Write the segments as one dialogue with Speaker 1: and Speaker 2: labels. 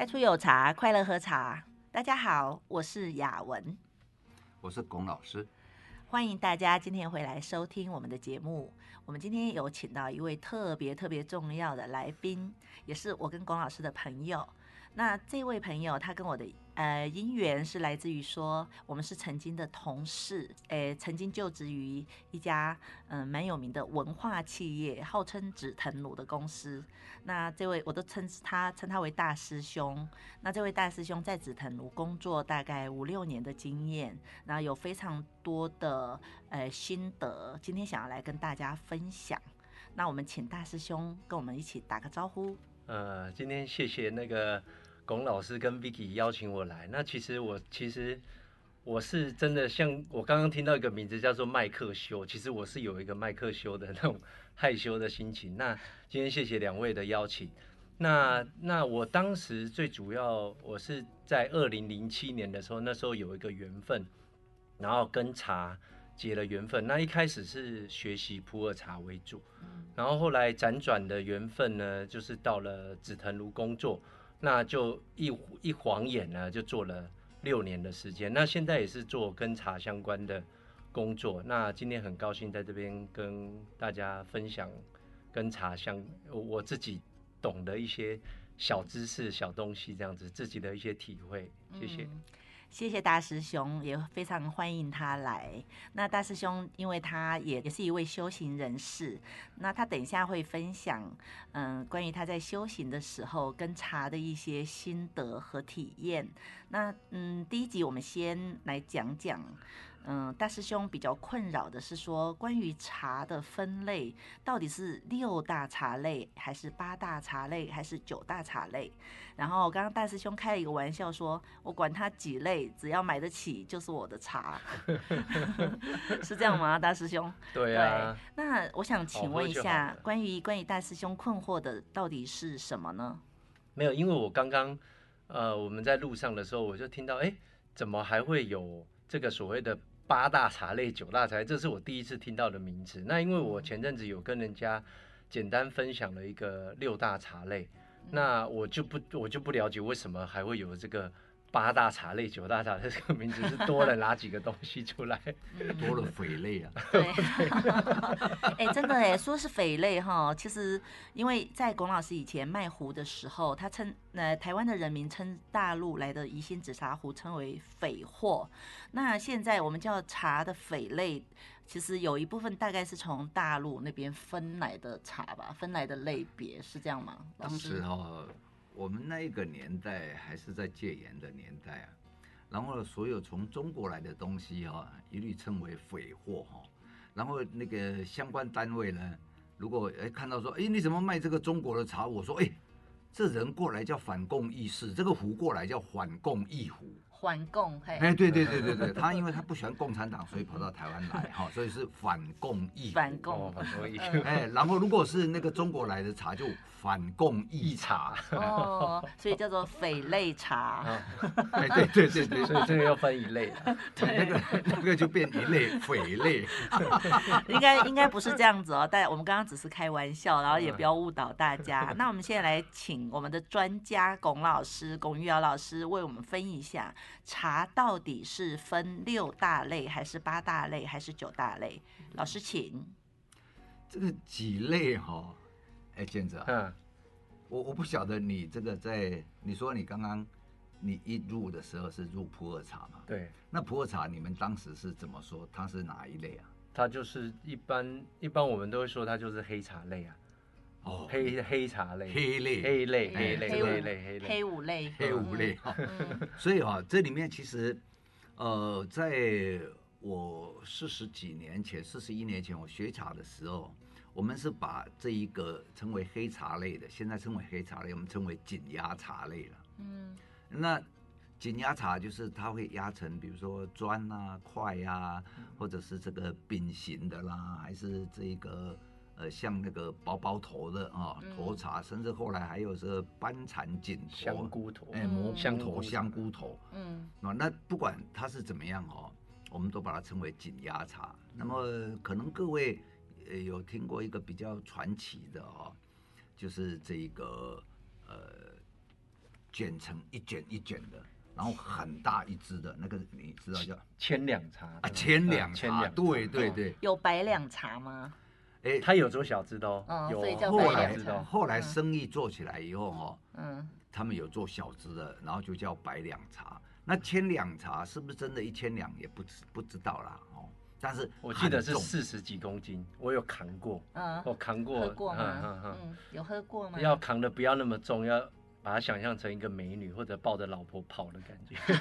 Speaker 1: 開出有茶，快樂喝茶。大家好，我是雅文，
Speaker 2: 我是龔老師，
Speaker 1: 歡迎大家今天回來收聽我們的節目。我們今天有請到一位特別特別重要的來賓，也是我跟龔老師的朋友。那這位朋友，他跟我的呃因緣是來自於說，我們是曾經的同事，誒、呃，曾經就職於一家嗯蠻、呃、有名的文化企業，號稱紫藤廬的公司。那這位我都稱他稱他為大師兄。那這位大師兄在紫藤廬工作大概五六年的經驗，那有非常多的呃心得，今天想要來跟大家分享。那我們請大師兄跟我們一起打個招呼。
Speaker 3: 呃，今天謝謝那個。龔老師跟 Vicky 邀請我來，那其實我其實我是真的像我剛剛聽到一個名字叫做麥克修，其實我是有一個麥克修的那種害羞的心情。那今天謝謝兩位的邀請。那那我當時最主要，我是在二零零七年的時候，那時候有一個緣分，然後跟茶結了緣分。那一開始是學習普洱茶為主，然後後來輾轉的緣分呢，就是到了紫藤廬工作。那就一一晃眼呢、啊，就做了六年的時間。那現在也是做跟茶相關的工作。那今天很高興在這邊跟大家分享跟茶相我自己懂的一些小知識、小東西，這樣子自己的一些體會。謝謝。嗯
Speaker 1: 謝謝大師兄，也非常歡迎他來。那大師兄因為他也也是一位修行人士，那他等一下會分享，嗯，關於他在修行的時候跟茶的一些心得和體驗。那嗯，第一集我們先來講講，嗯，大師兄比較困擾的是說，關於茶的分類到底是六大茶類還是八大茶類還是九大茶類？然後剛剛大師兄開了一個玩笑說，說我管他幾類，只要買得起就是我的茶， 是這樣嗎？大師兄，對啊對。那我想請問一下，關於關於大師兄困惑的到底是什麼呢？
Speaker 3: 沒有，因為我剛剛。呃，我們在路上的時候，我就聽到，哎，怎麼還會有這個所謂的八大茶類、九大茶類？這是我第一次聽到的名字。那因為我前陣子有跟人家簡單分享了一個六大茶類，那我就不，我就不了解為什麼還會有這個。八大茶類、九大茶的這個名字是多了哪幾個東西出來？
Speaker 2: 多了匪類啊！對，
Speaker 1: 哎，真的哎、欸，說是匪類哈，其實因為在龔老師以前賣壺的時候，他稱呃台灣的人民稱大陸來的宜興紫砂壺稱為匪貨，那現在我們叫茶的匪類，其實有一部分大概是從大陸那邊分來的茶吧，分來的類別是這樣嗎？當時哦。
Speaker 2: 我們那一個年代還是在戒嚴的年代啊，然後所有從中國來的東西哈、啊，一律稱為匪貨哈，然後那個相關單位呢，如果誒看到說，哎，你怎麼賣這個中國的茶？我說哎，這人過來叫反共義士，這個壺過來叫反共義壺。
Speaker 1: 反共嘿，哎、欸、對對對對對，他
Speaker 2: 因為他不喜歡共產黨，所以跑到台灣來哈、哦，所以是反共義反共、哦、反共義哎、欸，然後如果是那個中國來的茶就反共義茶
Speaker 1: 哦，所以叫做匪類茶，哎對對對對，所以這個要分一類，對那個那個就變一類匪類，應該應該不是這樣子哦，但我們剛剛只是開玩笑，然後也不要誤導大家。啊、那我們現在來請我們的專家龔老師龔玉堯老師為我們分一下。茶到底是分六大類還是八大類還是九大類？嗯、老師，請。
Speaker 2: 這個幾類哈？哎、欸，建子、啊、嗯，我我不曉得你這個在你說你剛剛你一入的時候是入普洱茶嗎？對。那普洱茶你們當時是怎麼說它是哪一類啊？
Speaker 3: 它就是一般一般我們都會說它就是黑茶類啊。
Speaker 2: 哦、黑黑茶類，黑
Speaker 1: 類，黑類，黑類，黑類，黑類，
Speaker 2: 黑五類，嗯、黑五類。所以哈、哦，這裡面其實，呃，在我四十幾年前，四十一年前我學茶的時候，我們是把這一個稱為黑茶類的，現在稱為黑茶類，我們稱為緊壓茶類了。嗯，那緊壓茶就是它會壓成，比如說磚啊、塊啊，或者是這個餅形的啦，還是這個。呃，像那個包包頭的啊、哦，頭、嗯、茶，甚至後來還有是班禪錦香菇頭，哎、欸，蘑菇頭、嗯、香菇頭。嗯，嗯，那不管它是怎麼樣哦，我們都把它稱為緊壓茶。嗯、那麼可能各位有聽過一個比較傳奇的哦，就是這一個呃捲成一捲一捲的，然後很大一支的那個，你知道叫千兩茶啊，千兩、千兩。對對對。
Speaker 1: 有百兩茶嗎？
Speaker 2: 哎，欸、他有做小支的哦，有後來、嗯、後來生意做起來以後哈、哦，嗯，他們有做小支的，然後就叫百兩茶。那千兩茶是不是真的一千兩也不知不知道啦？哦，但是我記得是四十幾公斤，我有扛過，嗯，我扛過，
Speaker 1: 喝過嗎？嗯，有喝過嗎？要
Speaker 3: 扛的不要那麼重，要。把她想象成一個美女，或者抱着老婆跑的感覺，
Speaker 1: 這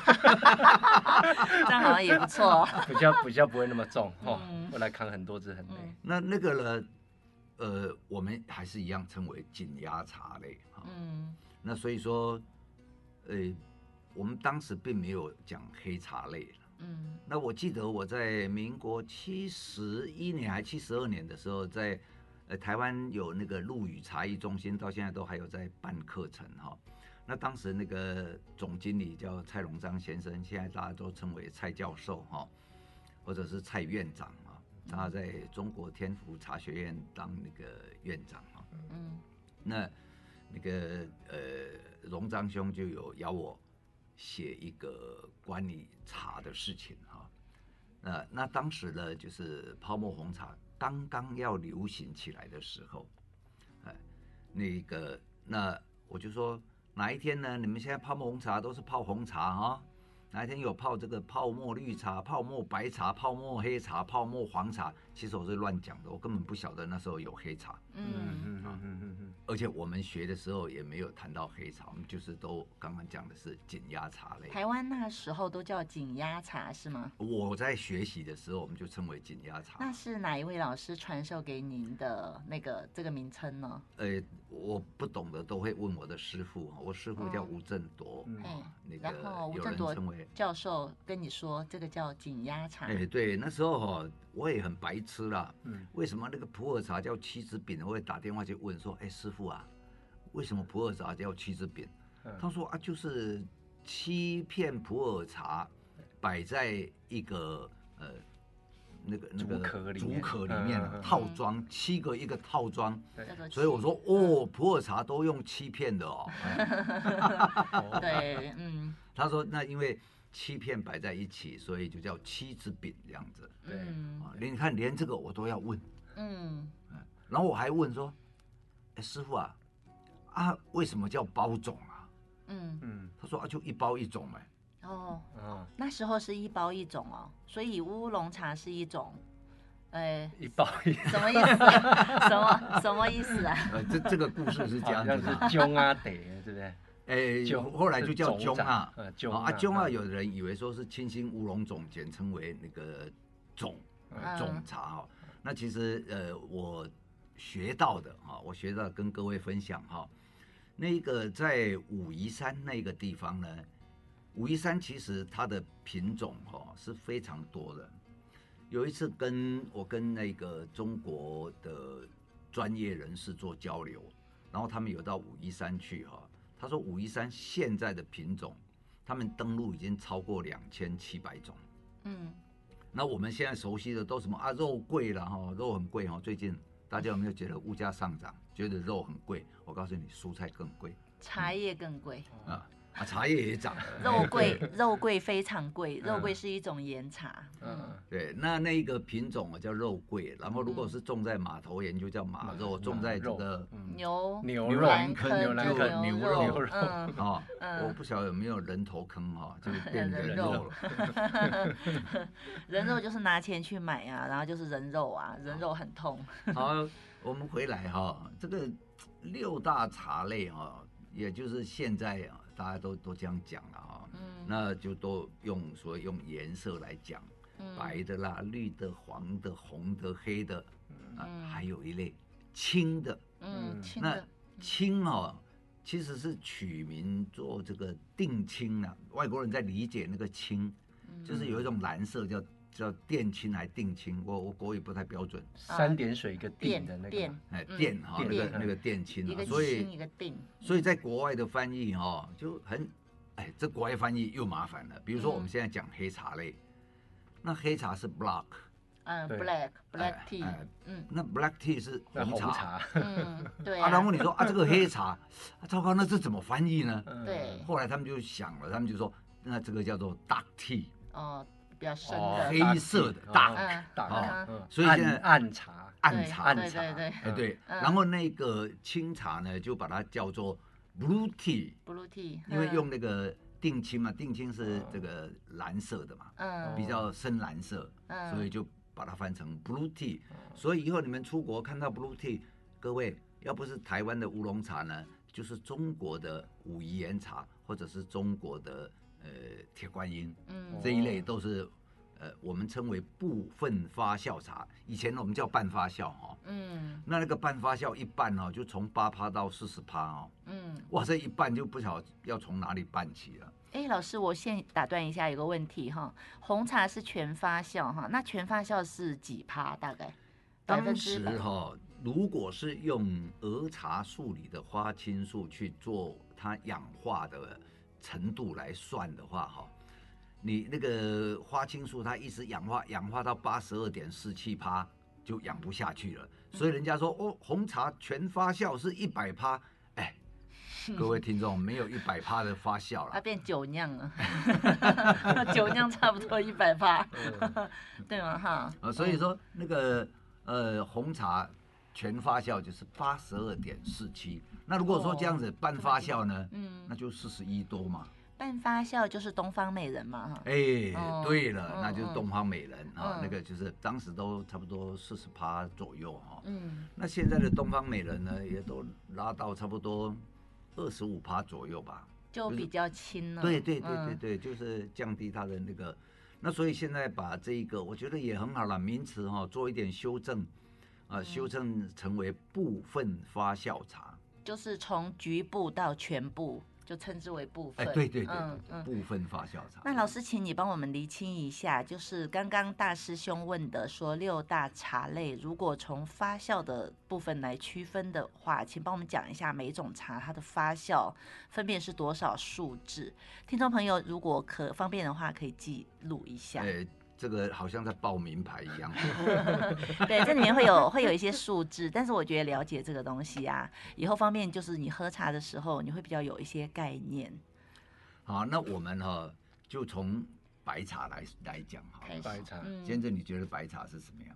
Speaker 1: 樣好像也不錯、哦，比
Speaker 3: 較比較
Speaker 2: 不會那麼重哈，我、嗯哦、後來扛很多次，很累。嗯、那那個呢？呃，我們還是一樣稱為緊壓茶類哈。嗯。那所以說，誒、呃，我們當時並沒有講黑茶類嗯。那我記得我在民國七十一年還七十二年的時候在。呃，台灣有那個陸羽茶藝中心，到現在都還有在辦課程哈。那當時那個總經理叫蔡榮章先生，現在大家都稱為蔡教授哈，或者是蔡院長啊。他在中國天福茶學院當那個院長
Speaker 1: 哈。嗯。
Speaker 2: 那那個呃，榮章兄就有邀我寫一個關於茶的事情哈。那那當時呢，就是泡沫紅茶。剛剛要流行起來的時候，哎，那個那我就說哪一天呢？你們現在泡沫紅茶都是泡紅茶啊。哦，哪一天有泡這個泡沫綠茶、泡沫白茶、泡沫黑茶、泡沫黃茶？其實我是亂講的，我根本不曉得那時候有黑茶。嗯嗯嗯嗯。 而且我們學的時候也沒有談到黑茶，我們就是都剛剛講的是緊壓茶類。台
Speaker 1: 灣那時候都叫緊壓茶，是嗎？
Speaker 2: 我在學習的時候，我們就稱為緊壓茶。那
Speaker 1: 是哪一位老師傳授給您的那個這個名稱呢？呃。
Speaker 2: 欸我不懂得，都會問我的師傅，我師傅叫吳振鐸，
Speaker 1: 嗯、那個然後有人稱為教授，跟你說這個叫緊壓茶。哎，對，那時
Speaker 2: 候哈、哦、我也很白痴啦，嗯、為什麼那個普洱茶叫七子餅？我也打電話去問說，哎，師傅啊，為什麼普洱茶叫七子餅？他說啊，就是七片普洱茶擺在一個呃。那個那個竹殼裡面套裝七個一個套裝，所以我說哦，普洱茶都用七片的哦。對，嗯。他說那因為七片擺在一起，所以就叫七子餅這樣子。對，連你看連這個我都要問。嗯，然後我還問說，師傅啊，啊為什麼叫包種啊？嗯嗯。他說啊，就一包一種嘛。
Speaker 1: 哦，嗯，那時候是一包一種哦，所以烏龍茶是一種，哎、欸、一包一什麼意思？什麼什麼意思啊？思啊這這個故
Speaker 3: 事是這就、啊啊、是「中啊
Speaker 2: 德，對不對？哎中、呃，後來就叫中啊，嗯、中啊炯啊，有的人以為說是青心烏龍種，簡稱為那個種種茶哦，嗯、那其實呃，我學到的啊、哦，我學到跟各位分享哈、哦，那個在武夷山那個地方呢。武夷山其實它的品種哈是非常多的。有一次跟我跟那個中國的專業人士做交流，然後他們有到武夷山去哈，他說武夷山現在的品種，他們登錄已經超過兩千七百種。嗯，那我們現在熟悉的都什麼啊？肉桂了哈，肉很貴哈。最近大家有沒有覺得物價上漲？覺得肉很貴？我告訴你，蔬菜更貴、嗯，
Speaker 1: 茶葉更貴
Speaker 2: 啊。啊，茶葉也漲，肉桂，
Speaker 1: 肉桂非常貴，肉桂是一種巖茶。嗯，
Speaker 2: 對，那那個品種叫肉桂，然後如果是種在馬頭岩就叫馬肉，種在這個
Speaker 1: 牛牛欄坑就牛肉，牛肉啊，我不
Speaker 2: 曉得有沒有人頭坑哈，就是變人肉
Speaker 1: 了。人肉就是拿錢去買呀，然後就是人肉啊，人肉很痛。
Speaker 2: 好，我們回來哈，這個六大茶類哈，也就是現在啊。大家都都這樣講了啊、哦，那就都用說用顏色來講，白的啦、綠的、黃的、紅的、黑的，還有一類青的，嗯，那青哦、喔，其實是取名做這個定青了、啊。外國人在理解那個青，就是有一種藍色叫，叫電親還定親，我我國語不太標準。三點水一個電的那個，哎，電哈那個那個電親，所以所以在國外的翻譯就很，哎，這國外翻譯又麻煩了。比如說我們現在講黑茶類，那黑茶是 black，
Speaker 1: 嗯，black black tea，嗯，那
Speaker 2: black tea 是紅茶。
Speaker 1: 啊然後你說啊，這個黑茶，
Speaker 2: 糟糕，那這怎麼翻譯呢？對。後來他們就想了，他們就說那這個叫做 dark tea。哦。
Speaker 1: 比較深黑色的，大，大，所以現在暗茶、
Speaker 2: 暗茶、暗茶，對對，然後那個青茶呢，就把它叫做 blue tea，blue
Speaker 1: tea，因為用那
Speaker 2: 個靛青嘛，靛青是這個藍色的嘛，嗯，比較深藍色，所以就把它翻成 blue tea，所以以後你們出國看到 blue tea，各位要不是台灣的烏龍茶呢，就是中國的武夷岩茶或者是中國的，呃，鐵觀音，嗯，這一類都是，呃、我們稱為部分發酵茶，以前我們叫半發酵哈，嗯，那那個半發酵一半就從八趴到四十趴哦，嗯，哇，這一半就不曉得要從哪裡辦起了。
Speaker 1: 哎、欸，老師，我先打斷一下，有個問題哈，紅茶是全發酵哈，那全發酵是幾趴大概？百分之十哈，
Speaker 2: 如果是用茶樹裡的花青素去做它氧化的。程度來算的話，哈，你那個花青素它一直氧化，氧化到八十二點四七帕就氧不下去了。所以人家說哦，紅茶全發酵是一百帕，哎，
Speaker 1: 各位
Speaker 2: 聽眾沒有一百帕的發酵了，
Speaker 1: 它變酒釀了， 酒釀差不多一百帕， 對嗎？哈，
Speaker 2: 所以說那個呃紅茶。全發酵就是八十二點四七，那如果說這樣子半發酵呢，嗯、哦，那就四十一多嘛。
Speaker 1: 半發酵就是東方美人嘛，哈、欸。哎、哦，對了，嗯嗯那就是東
Speaker 2: 方美人哈，嗯嗯那個就是當時都差不多四十趴左右哈。嗯，那現在的東方美人呢，也都拉到差不多二十五趴左右吧，
Speaker 1: 就比較輕了、就是。對對對對
Speaker 2: 對，嗯、就是降低它的那個。那所以現在把這一個，我覺得也很好了，名詞哈做一點修正。啊，修正成，成為部分發酵茶，嗯、
Speaker 1: 就是從局部到全部就稱之為部分。哎、欸，對對對，部
Speaker 2: 分發酵茶。嗯、那
Speaker 1: 老師，請你幫我們釐清一下，就是剛剛大師兄問的，說六大茶類如果從發酵的部分來區分的話，請幫我們講一下每一種茶它的發酵分別是多少數字？聽眾朋友，如果可方便的話，可以記錄一下。欸這個好像在報名牌一樣， 對，這裡面會有會有一些數字，但是我覺得了解這個東西啊，以後方便，就是你喝茶的時候，你會比較有一些概念。好、
Speaker 2: 啊，那我們哈、啊、就從白茶來來講哈，白茶。先生，你覺得白茶是什麼樣？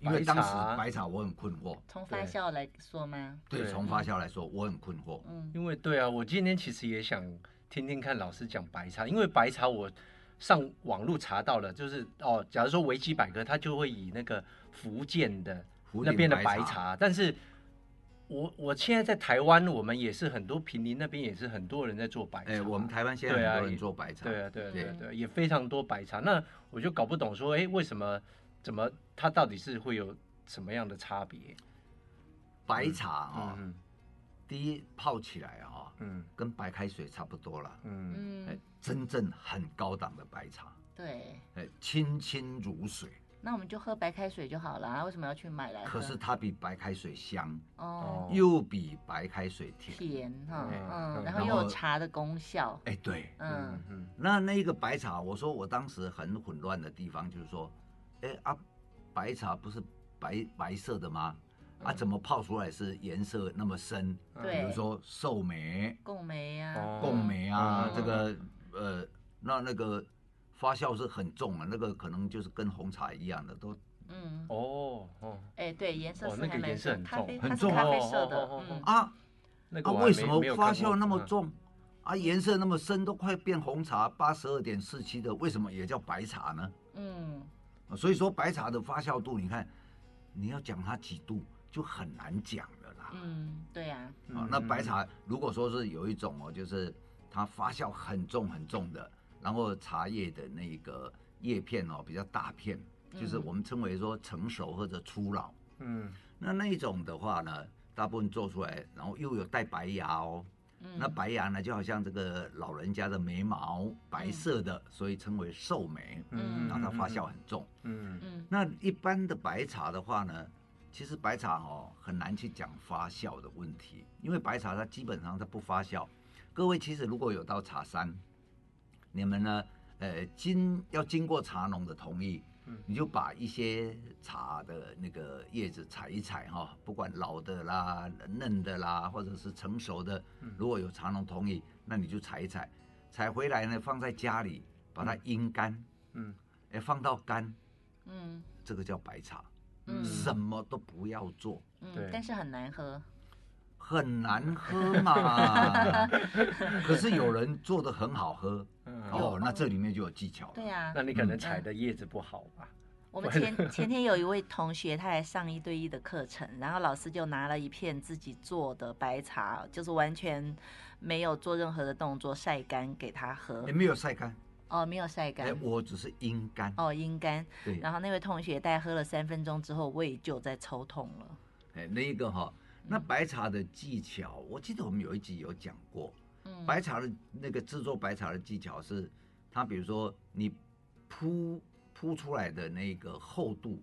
Speaker 1: 嗯、因為當時白茶
Speaker 2: 我很困惑。從發酵
Speaker 1: 來說嗎？對，從發酵
Speaker 2: 來說我很困
Speaker 3: 惑。嗯，因為對啊，我今天其實也想聽聽看老師講白茶，因為白茶我。上網路查到了，就是哦，假如說維基百科，它就會以那個福建的福那邊的白茶，但是我，我我現在在台灣，我們也是很多坪林那邊也是很多人在做白茶。哎、欸，我們台灣現在很多人做白茶，對啊,對啊，對啊對、啊、對，對也非常多白茶。那我就搞不懂說，哎、欸，為什麼怎麼它到底是會有什麼樣的差別？白茶嗯,嗯,嗯
Speaker 2: 第一泡起來啊，嗯，跟白開水差不多了，嗯，真正很高檔的白茶，
Speaker 1: 對，
Speaker 2: 哎，清清如水。
Speaker 1: 那我們就喝白開水就好了，為什麼要去買來喝？可是
Speaker 2: 它比白開水香，哦，又比白開水甜，甜哈，嗯，然後又有茶的功效。哎，對，嗯嗯。那那個白茶，我說我當時很混亂的地方就是說，哎，啊，白茶不是白白色的嗎？啊，怎麼泡出來是顏色那麼深？對，比如說壽眉、貢眉啊，貢眉啊，這個呃，那那個發酵是很重的，那個可能就是跟紅茶一樣的都。嗯。哦哦。哎，
Speaker 1: 對，顏色是那個顏色很重，很重啊。啊，
Speaker 2: 那個為什麼發酵那麼重？啊，顏色那麼深，都快變紅茶，八十二點四七的，為什麼也叫白茶呢？嗯。所以說白茶的發酵度，你看，你要講它幾度？就很難講
Speaker 1: 了啦。嗯，對呀、啊。啊、嗯哦，那白茶
Speaker 2: 如果說是有一種哦，就是它發酵很重很重的，然後茶葉的那個葉片哦，比較大片，就是我們稱為說成熟或者粗老。嗯。那那一種的話呢，大部分做出來，然後又有帶白芽哦。嗯。那白芽呢，就好像這個老人家的眉毛白色的，嗯、所以稱為壽眉。嗯。然後它發酵很重。嗯嗯。嗯，那一般的白茶的話呢？其實白茶哦，很難去講發酵的問題，因為白茶它基本上它不發酵。各位其實如果有到茶山，你們呢，呃，經要經過茶農的同意，你就把一些茶的那個葉子採一採哈，哦，不管老的啦、嫩的啦，或者是成熟的，如果有茶農同意，那你就採一採，採回來呢放在家裡，把它陰乾，嗯，嗯，欸，放到乾，
Speaker 1: 嗯，
Speaker 2: 這個叫白茶。什麼都不要做，嗯，但
Speaker 1: 是很難喝，
Speaker 2: 很難喝嘛。可是有人做的很好喝，哦，那這裡面就有技巧。對啊，那你可能採的葉子不好吧？我們前前
Speaker 1: 天有一位同學，他還上一對一的課程，然後老師就拿了一片自己做的白茶，就是完全沒有做任何的動作，曬乾給他喝，也沒有曬乾。哦，沒有曬乾、欸。我
Speaker 2: 只是陰乾。
Speaker 1: 哦，陰乾。對。然後那位同學大概喝了三分鐘之後，胃就在抽痛了。
Speaker 2: 哎、欸，那一個哈、哦，嗯、那白茶的技巧，我記得我們有一集有講過。嗯。白茶的那個製作白茶的技巧是，他比如說你鋪鋪出來的那個厚度，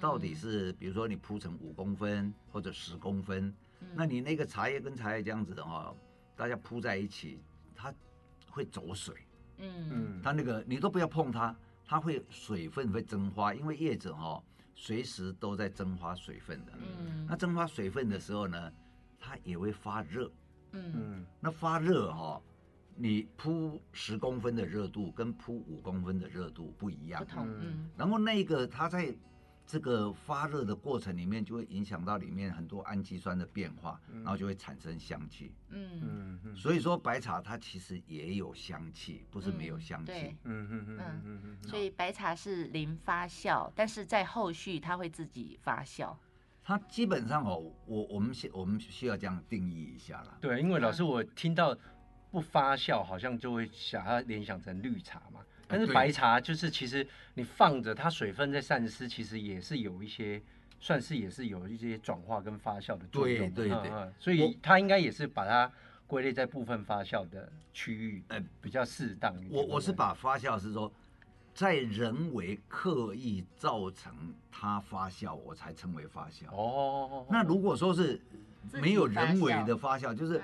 Speaker 2: 到底是、嗯、比如說你鋪成五公分或者十公分，
Speaker 3: 公分嗯、
Speaker 2: 那你那個茶葉跟茶葉這樣子的話、哦、大家鋪在一起，它會走水。嗯，它那個你都不要碰它，它會水分會蒸發，因為葉子哈、喔、隨時都在蒸發水分的。嗯，那蒸發水分的時候呢，它也會發熱。嗯，那發熱哈、喔，你鋪十公分的熱度跟鋪五公分的熱度不一樣。不同，然後那個它在。這個發熱的過程裡面，就會影響到裡面很多氨基酸的變化，嗯、然後就會產生香氣。嗯，所以說白茶它其實也有香氣，不是沒有香氣、嗯。對，嗯嗯嗯，
Speaker 1: 所以白茶是零發酵，好但是在後續它會自己發酵。
Speaker 2: 它基本上哦，我我們需我們需要這樣定義一下了。
Speaker 3: 對，因為老師我聽到不發酵，好像就會想它聯想成綠茶嘛。但是白茶就是，其實你放着它水分在散失，其實也是有一些，算是也是有一些轉化跟發酵的作用。對對對，所以它應該也是把它歸類在部分發酵的區域，呃，比較適
Speaker 2: 當。我我是把發酵是說，在人為刻意造成它發酵，我才稱為發酵。哦，那如果說是沒有人為的發酵，就是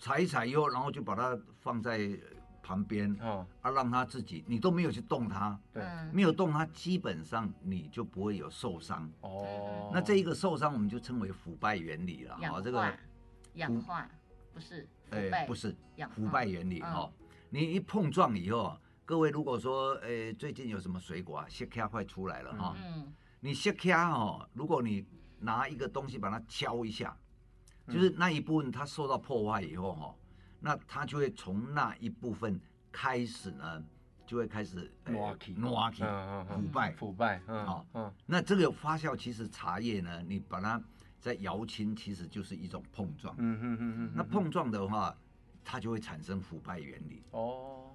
Speaker 2: 採一採以後，然後就把它放在。旁邊，啊，讓他自己，你都沒有去動它，對、嗯，沒有動它，基本上你就不會有受傷。哦，那這一個受傷，我們就稱為腐敗原理了。啊氧化、喔，這個氧
Speaker 1: 化不是，哎，不是，腐敗原理哈、嗯喔。
Speaker 2: 你一碰撞以後，各位如果說，哎、欸，最近有什麼水果啊，釋迦快出來了哈。嗯。喔、你釋迦哦，如果你拿一個東西把它敲一下，就是那一部分它受到破壞以後哈。那它就會從那一部分開始呢，就會開始，挪起挪起，腐敗氣氣腐敗，好，嗯哦嗯、那這個發酵其實茶葉呢，你把它在搖青其實就是一種碰撞，嗯，那碰撞的話。嗯哼哼哼哼它就會產生腐敗原理
Speaker 3: 哦，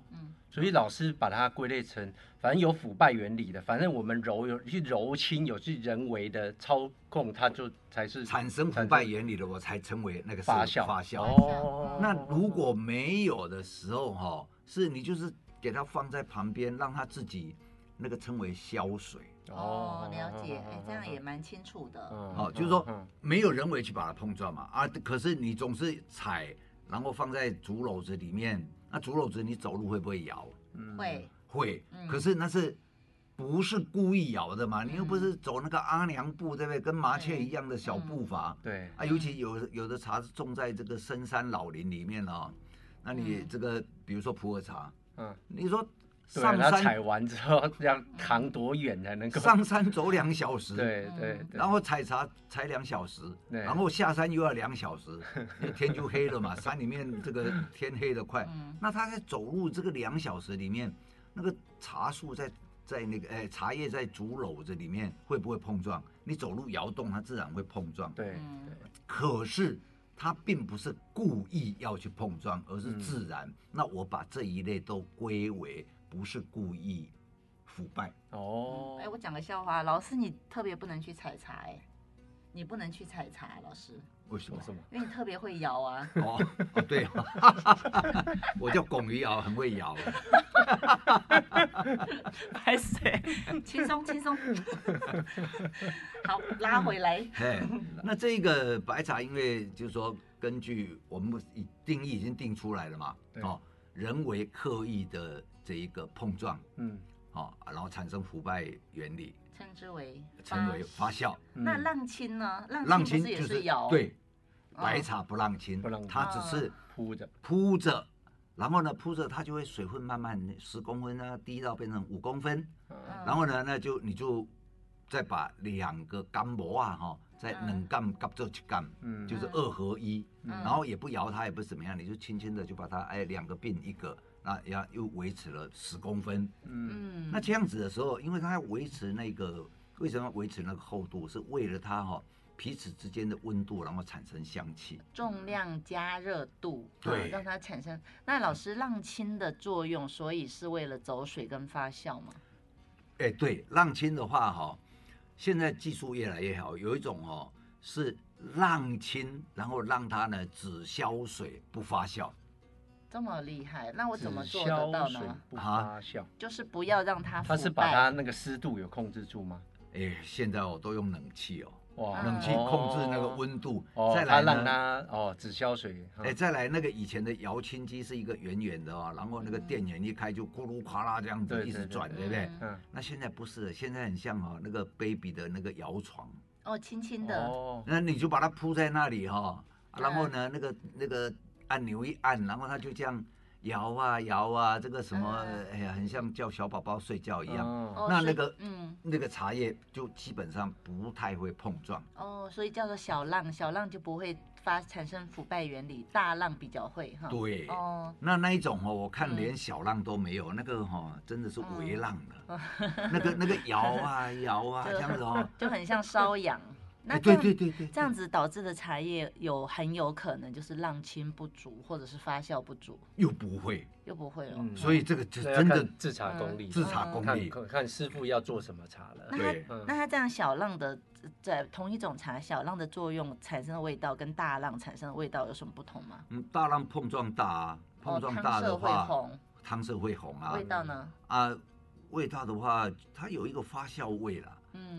Speaker 3: 所以老師把它歸類成反正有腐敗原理的，反正我們揉有去揉青，有去人為的操控，它就才是產生腐敗原理的，我才稱為
Speaker 2: 那個發酵發酵，發酵、哦、那如果沒有的時候哈、哦，是你就是給它放在旁邊，讓它自己那個稱為消水哦。了解，欸、這樣也
Speaker 1: 蠻清楚的。
Speaker 2: 嗯嗯、就是說沒有人為去把它碰撞嘛啊，可是你總是踩。然後放在竹簍子裡面，那竹簍子你走路會不會搖？會、嗯、會，會嗯、可是那是不是故意搖的嘛？嗯、你又不是走那個阿娘步，對不對？跟麻雀一樣的小步伐。對、嗯、啊，對尤其有有的茶是種在這個深山老林裡面哦，那你這個、嗯、比如說普洱茶，嗯，你說。對上山採完之後，要扛多遠才能夠上山走兩小時，對 對。對對，然後採茶採兩小時，對然後下山又要兩小時，對天就黑了嘛。 山裡面這個天黑的快。嗯、那他在走路這個兩小時裡面，那個茶樹在在那個哎茶葉在竹簍子裡面會不會碰撞？你走路搖動，它自然會碰撞。對、嗯、可是它並不是故意要去碰撞，而是自然。嗯、那我把這一類都歸為。不是故意腐敗
Speaker 1: 哦！Oh. 哎，我講個笑話，老師你特別不能去採茶哎，你不能去採茶，老師，
Speaker 2: 為什麼？因
Speaker 1: 為你特別會搖啊！ 哦,哦對哦， 我叫
Speaker 2: 拱魚搖，很會搖，
Speaker 1: 白 水， 輕鬆輕鬆， 好拉回來。
Speaker 2: hey, 那這個白茶，因為就是說根據我們的定義已經定出來了嘛，對哦，人為刻意的。這一個碰撞，嗯，好，然後產生腐敗原理，
Speaker 1: 稱之為稱為發酵。那浪菁呢？浪菁就是搖，對，白茶
Speaker 2: 不浪菁，它只是鋪着鋪着，然後呢鋪着它就會水分慢慢十公分呢，低到變成五公分，然後呢那就你就再把兩個乾膜啊，哈，再冷乾夾着去乾，就是二合一，然後也不搖它也不怎麼樣，你就輕輕的就把它哎，兩個併一個。那呀，又維持了十公分。嗯，
Speaker 1: 那這
Speaker 2: 樣子的時候，因為它要維持那個，為什麼要維持那個厚度？是為了它哈、喔，彼此之間的溫度，然後產生香氣，
Speaker 1: 重量加熱度，對，對讓它產生。那老師，浪青的作用，所以是為了走水跟發酵嗎？
Speaker 2: 誒、欸，對，浪青的話哈、喔，現在技術越來越好，有一種哦、喔，是浪青，然後讓它呢只消水不發酵。
Speaker 1: 這麼
Speaker 3: 厲害，那我怎麼做得到呢？
Speaker 1: 啊，就是不要讓它，它是把它
Speaker 3: 那個濕度有控制住嗎？哎，
Speaker 2: 現在我都用冷氣哦，冷氣控制那個溫度，再來
Speaker 3: 呢，哦，只消水，哎，再來
Speaker 2: 那個以前的搖青機是一個圓圓的哦，然後那個電源一開就咕嚕嘩啦這樣子一直轉，對不對？嗯，那現在不是，現在很像啊那個 baby 的那個搖床
Speaker 1: 哦，輕輕的
Speaker 2: 哦，那你就把它鋪在那裡哈，然後呢，那個那個。按鈕一按，然後它就這樣搖啊搖啊，這個什麼哎呀，很像叫小寶寶睡覺一樣。那那個嗯，那個茶葉就基本上不太會碰撞。
Speaker 1: 哦，所以叫做小浪，小浪就不會發產生腐敗原理，大浪比較會哈。對，
Speaker 2: 那那一種哦，我看連小浪都沒有，那個哈，真的是微浪了。那個那個搖啊搖啊這樣子哦，
Speaker 1: 就很像瘙癢。那對對對，這樣子導致的茶葉有很有可能就是浪青不足，或者是發酵不足。又不會，又不會哦。嗯，所以這個就真的製茶功力，製茶功力，
Speaker 3: 看師傅要做什麼茶了。對，那他這
Speaker 1: 樣小浪的，在同一種茶，小浪的作用產生的味道跟大浪產生的味道有什麼不同嗎？
Speaker 2: 嗯，大浪碰撞大啊，碰撞大的話，湯色會紅，啊，湯色會紅啊。味道呢？啊，味道的話，它有一個發酵味了。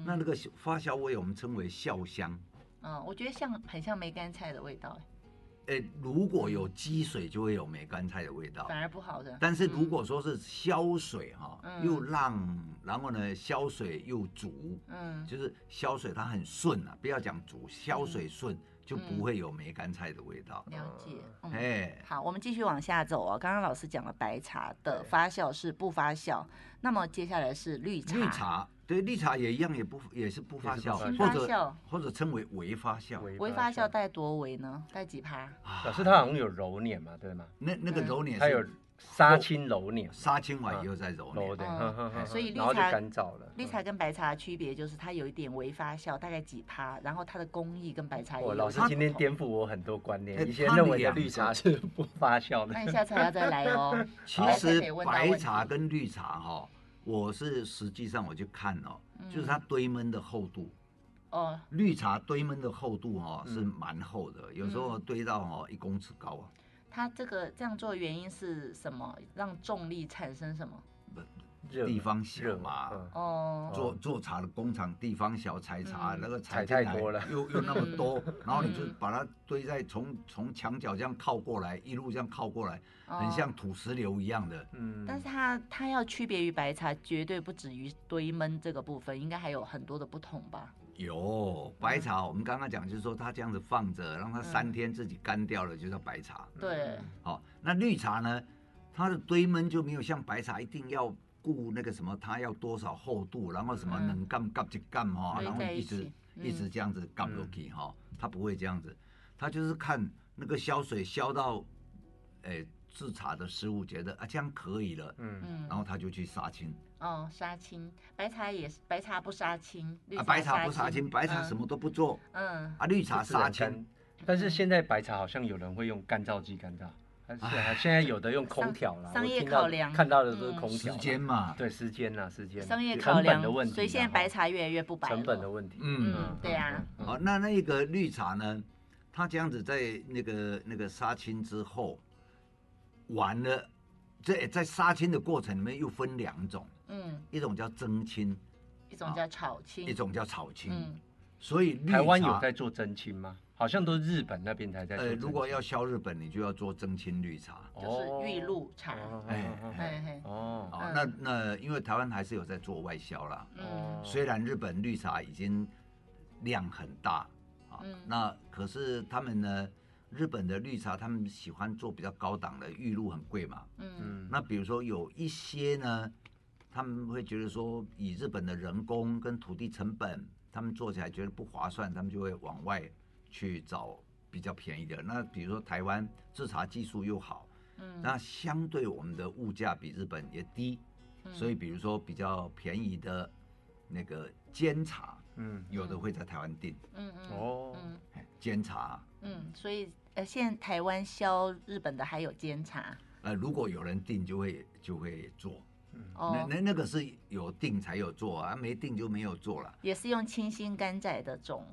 Speaker 2: 那那個發酵味，我們稱為酵香。
Speaker 1: 嗯，我覺得像很像梅乾菜的味道哎、
Speaker 2: 欸欸。如果有積水就會有梅乾菜的味道，反
Speaker 1: 而不好的。嗯、但
Speaker 2: 是如果說是消水哈、喔，嗯、又浪，然後呢，消水又煮，嗯，就是消水它很順啊，不要講煮，消水順。嗯就不會有梅乾菜的味道。嗯、了
Speaker 1: 解，哎、嗯，好，我們繼續往下走哦。剛剛老師講了白茶的發酵是不發酵，對那麼接下來是綠茶。綠茶
Speaker 2: 對，綠茶也一樣，也不也是不發酵，不發酵，或者稱為微發酵。微發
Speaker 1: 酵帶多微呢？帶幾趴？啊、
Speaker 3: 老師，他好像有揉捻嘛，對嗎？那那個揉捻、嗯，他殺青揉捻，殺青完以後再揉捻，所以綠茶就乾燥了。
Speaker 1: 綠茶跟白茶的區別就是它有一點微發酵，大概幾趴，然後它的工藝跟白茶一樣。老師今天顛
Speaker 3: 覆我很多觀
Speaker 2: 念，以前認為的綠茶是不發酵的。那你下次要再來哦。其實白茶跟綠茶哈，我是實際上我就看哦，就是它堆悶的厚度。哦。綠茶堆悶的厚度哦，是蠻厚的，有時候堆到哦，一公尺高啊
Speaker 1: 它這個這樣做的原因是什麼？讓重力產生什麼？
Speaker 2: 地方小嘛。
Speaker 1: 哦。嗯、做、嗯、
Speaker 2: 做茶的工廠地方小，採茶、嗯、那個採太多了，又又那麼多，嗯、然後你就把它堆在從從牆角這樣靠過來，一路這樣靠過來，嗯、很像土石流一樣的。嗯。但是
Speaker 1: 它它要區別於白茶，絕對不止於堆悶這個部分，應該還有很多的不同吧。
Speaker 2: 有，白茶，嗯、我們剛剛講就是說，它這樣子放着，讓它三天自己乾掉了，嗯、就叫白茶。對了、嗯，好，那綠茶呢？它的堆悶就沒有像白茶一定要顧那個什麼，它要多少厚度，然後什麼能乾乾就乾嘛，然後一直一,一直這樣子乾落去哈，它、嗯喔、不會這樣子，它就是看那個消水消到，誒、欸。製茶的師傅，覺得啊這樣可以了，嗯，然後他就去殺青。
Speaker 1: 哦，殺青，白茶也是，白茶不殺青，啊，白茶不殺青，白茶什麼都不做，嗯，啊，綠茶殺青。
Speaker 2: 但是現在白茶
Speaker 3: 好像有人會用乾燥機乾燥，而且，現在有的用空調了，商業考量，看到
Speaker 2: 的都是空調，時間嘛，對，時間吶，時間，商業考量的問題，所以
Speaker 1: 現在白茶越來越不白。成
Speaker 2: 本的問題，嗯，
Speaker 1: 對
Speaker 2: 啊。好，那那個綠茶呢？它這樣子在那個那個殺青之後。完了，這在殺青的過程裡面又分兩種，嗯，一種叫蒸青，
Speaker 1: 一種叫炒青，一種叫炒青。所以台灣有在
Speaker 3: 做蒸青嗎？
Speaker 2: 好像都是日本那邊才在做。呃，如果要銷日本，你就要做蒸青綠茶，
Speaker 1: 就是玉露茶。
Speaker 2: 哎，哦，那那因為台灣還是有在做外銷啦，雖然日本綠茶已經量很大，那可是他們呢？日本的綠茶，他們喜歡做比較高檔的玉露，很貴嘛。嗯，那比如說有一些呢，他們會覺得說，以日本的人工跟土地成本，他們做起來覺得不划算，他們就會往外去找比較便宜的。那比如說台灣製茶技術又好，嗯，那相對我們的物價比日本也低，
Speaker 1: 所以比
Speaker 2: 如說比較便宜的那個煎茶，嗯，有的會在台灣訂，嗯，嗯嗯哦，煎茶。
Speaker 1: 嗯，所以呃，現在台灣銷日本的還有煎茶。
Speaker 2: 呃，如果有人訂，就會就會做。嗯，哦，那那那個是有訂才有做啊，沒訂就沒有做了。
Speaker 1: 也是用青心柑仔的種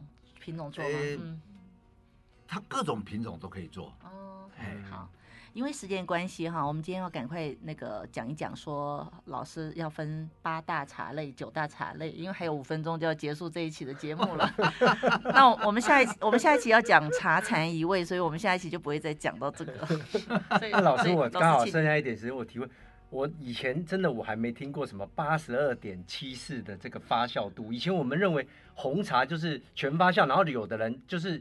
Speaker 1: 品種做嗎？欸、嗯，
Speaker 2: 它各種品種都可以做。哦、嗯，哎、欸，好。
Speaker 1: 因為時間關係哈，我們今天要趕快那個講一講說，說老師要分八大茶類、九大茶類，因為還有五分鐘就要結束這一期的節目了。 那我們下一期我們下一期要講茶禪一味，所以我們下一期就不會再講到這個。那 以老師，我剛好剩下一
Speaker 3: 點時間，我提問。我以前真的我還沒聽過什麼八十二點七四的這個發酵度，以前我們認為紅茶就是全發酵，然後有的人就是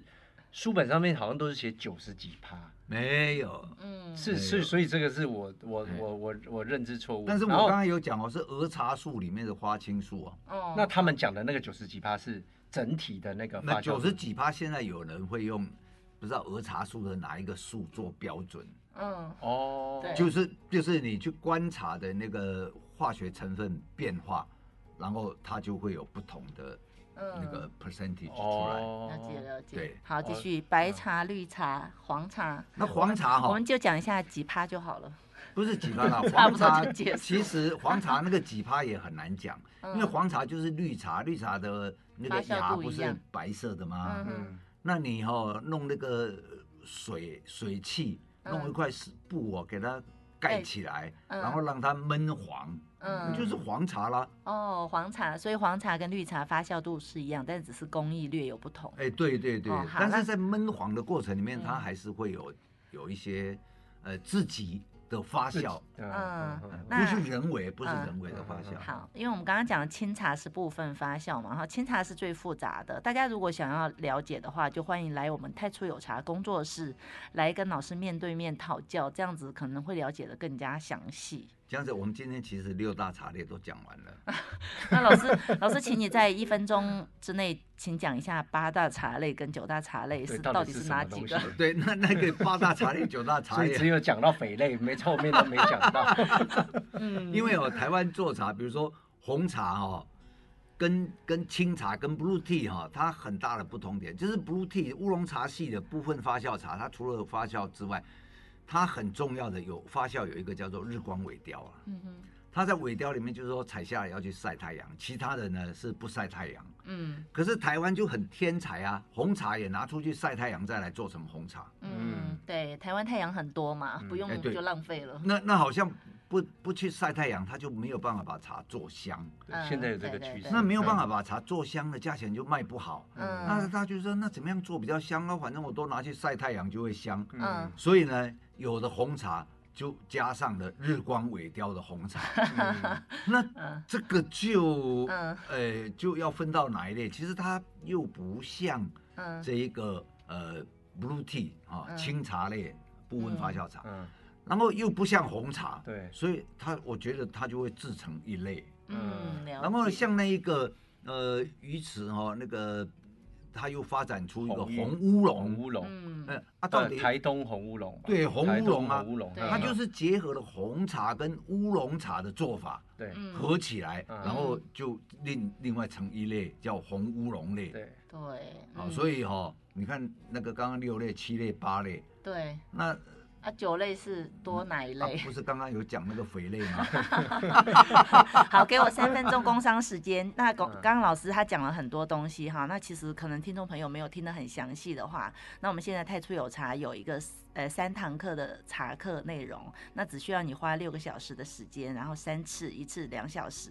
Speaker 3: 書本上面好像都是寫九十幾趴。沒有，嗯，是有是，所以這個是我我我我對我認知錯誤。
Speaker 2: 但是我剛才有講哦，後是兒茶素裡面的花青素哦、啊，那他們講的那個九十幾趴是整體的那個。那九十幾趴現在有人會用不知道兒茶素的哪一個樹做標準？嗯，哦，就是就是你去觀察的那個化學成分變化，然後它就會有不同的。嗯，那個 percentage 出來，了解，哦、對了解。好，繼續。
Speaker 1: 哦、白茶、綠茶、黃茶，那黃茶哈、哦，我們就講一下幾趴就好了。不是幾趴啦，黃茶 其實
Speaker 2: 黃茶那個幾趴也很難講，嗯，因為黃茶就是綠茶，綠茶的那個芽不是白色的嗎？嗯，那你以、哦、後弄那個水水汽，弄一塊布啊、哦、給它蓋起來，嗯，然後讓它悶黃。
Speaker 1: 嗯，就是黃茶啦。哦，黃茶，所以黃茶跟綠茶發酵度是一樣，但是只是工藝略有不同。哎、欸，
Speaker 2: 對對對，哦、但是在悶黃的過程裡面，嗯、它還是會有有一些呃自己的發酵，嗯，不是人為，不是人為的發酵。嗯、好，因
Speaker 1: 為我們剛剛講的清茶是部分發酵嘛，哈，清茶是最複雜的。大家如果想要了解的話，就歡迎來我們太初有茶工作室來跟老師面對面討教，這樣子可能會了解得更加詳細。.
Speaker 2: 這樣子，我們今天其實六大茶類都講完
Speaker 1: 了。 那老師，老師，請你在一分鐘之內，請講一下八大茶類跟九大茶類是對到底是，是哪幾個？對，那
Speaker 2: 那個八大茶類， 九大茶類，只有講到肥類，沒錯，妹妹都沒沒講到。嗯 因為哦、喔，台灣做茶，比如說紅茶哦、喔，跟跟青茶、跟 blue tea 哈、喔，它很大的不同點就是 blue tea 烏龍茶系的部分發酵茶，它除了有發酵之外。它很重要的有發酵，有一個叫做日光萎凋啊。嗯哼，它在萎凋裡面就是說，採下來要去曬太陽，其他的呢是不曬太陽。嗯，可是台灣就很天才啊，紅茶也拿出去曬太陽再來做成紅茶。嗯，嗯
Speaker 1: 對，台灣太陽很多嘛，不用就浪費了。嗯欸、
Speaker 2: 那那好像。不不去曬太陽，他就沒有辦法把茶做香。對，現在有這個趨勢，嗯、對對對，那沒有辦法把茶做香的，價錢就賣不好。嗯、那他就說，那怎麼樣做比較香啊？反正我都拿去曬太陽就會香。嗯，所以呢，有的紅茶就加上了日光萎凋的紅茶。嗯 嗯、那這個就、嗯、呃就要分到哪一類？其實它又不像這一個呃 blue tea 啊、哦、青茶類部分發酵茶。嗯嗯嗯然後又不像紅茶，對，所以它，我覺得它就會自成一類，
Speaker 1: 嗯。然後像
Speaker 2: 那一個呃，魚池哈，那個它又發展出一個紅烏龍，烏龍，嗯，啊，到底台東紅烏龍，對，紅烏龍啊，它就是結合了紅茶跟烏龍茶的做法，對，合起來，然後就另另外成一類，叫紅烏龍類，
Speaker 1: 對，對。好，所以哈，
Speaker 2: 你看那個剛剛六類、七類、八類，
Speaker 1: 對，那。啊，九類是多哪一類、啊？不是剛剛有講那個肥類嗎？ 好，給我三分鐘工商時間。 那剛剛老師他講了很多東西哈，那其實可能聽眾朋友沒有聽得很詳細的話，那我們現在太初有茶有一個呃三堂課的茶課內容，那只需要你花六個小時的時間，然後三次，一次兩小時，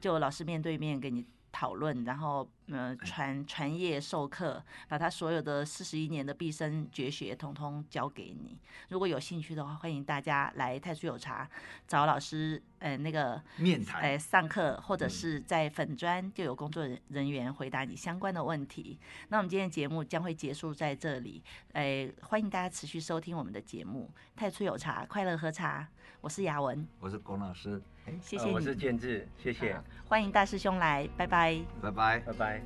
Speaker 1: 就老師面對面跟你討論，然後。呃傳傳業授課，把他所有的四十一年的畢生絕學，通通教給你。如果有興趣的話，歡迎大家來太初有茶找老師，呃，那個面談，呃，上課或者是在粉專就有工作人員回答你相關的問題。嗯、那我們今天節目將會結束在這裡，呃，歡迎大家持續收聽我們的節目，太初有茶，快樂喝茶。我是雅文，我是龔老師、呃謝謝，謝謝。我是建志，謝謝。歡迎大師兄來，拜拜。拜拜，拜拜。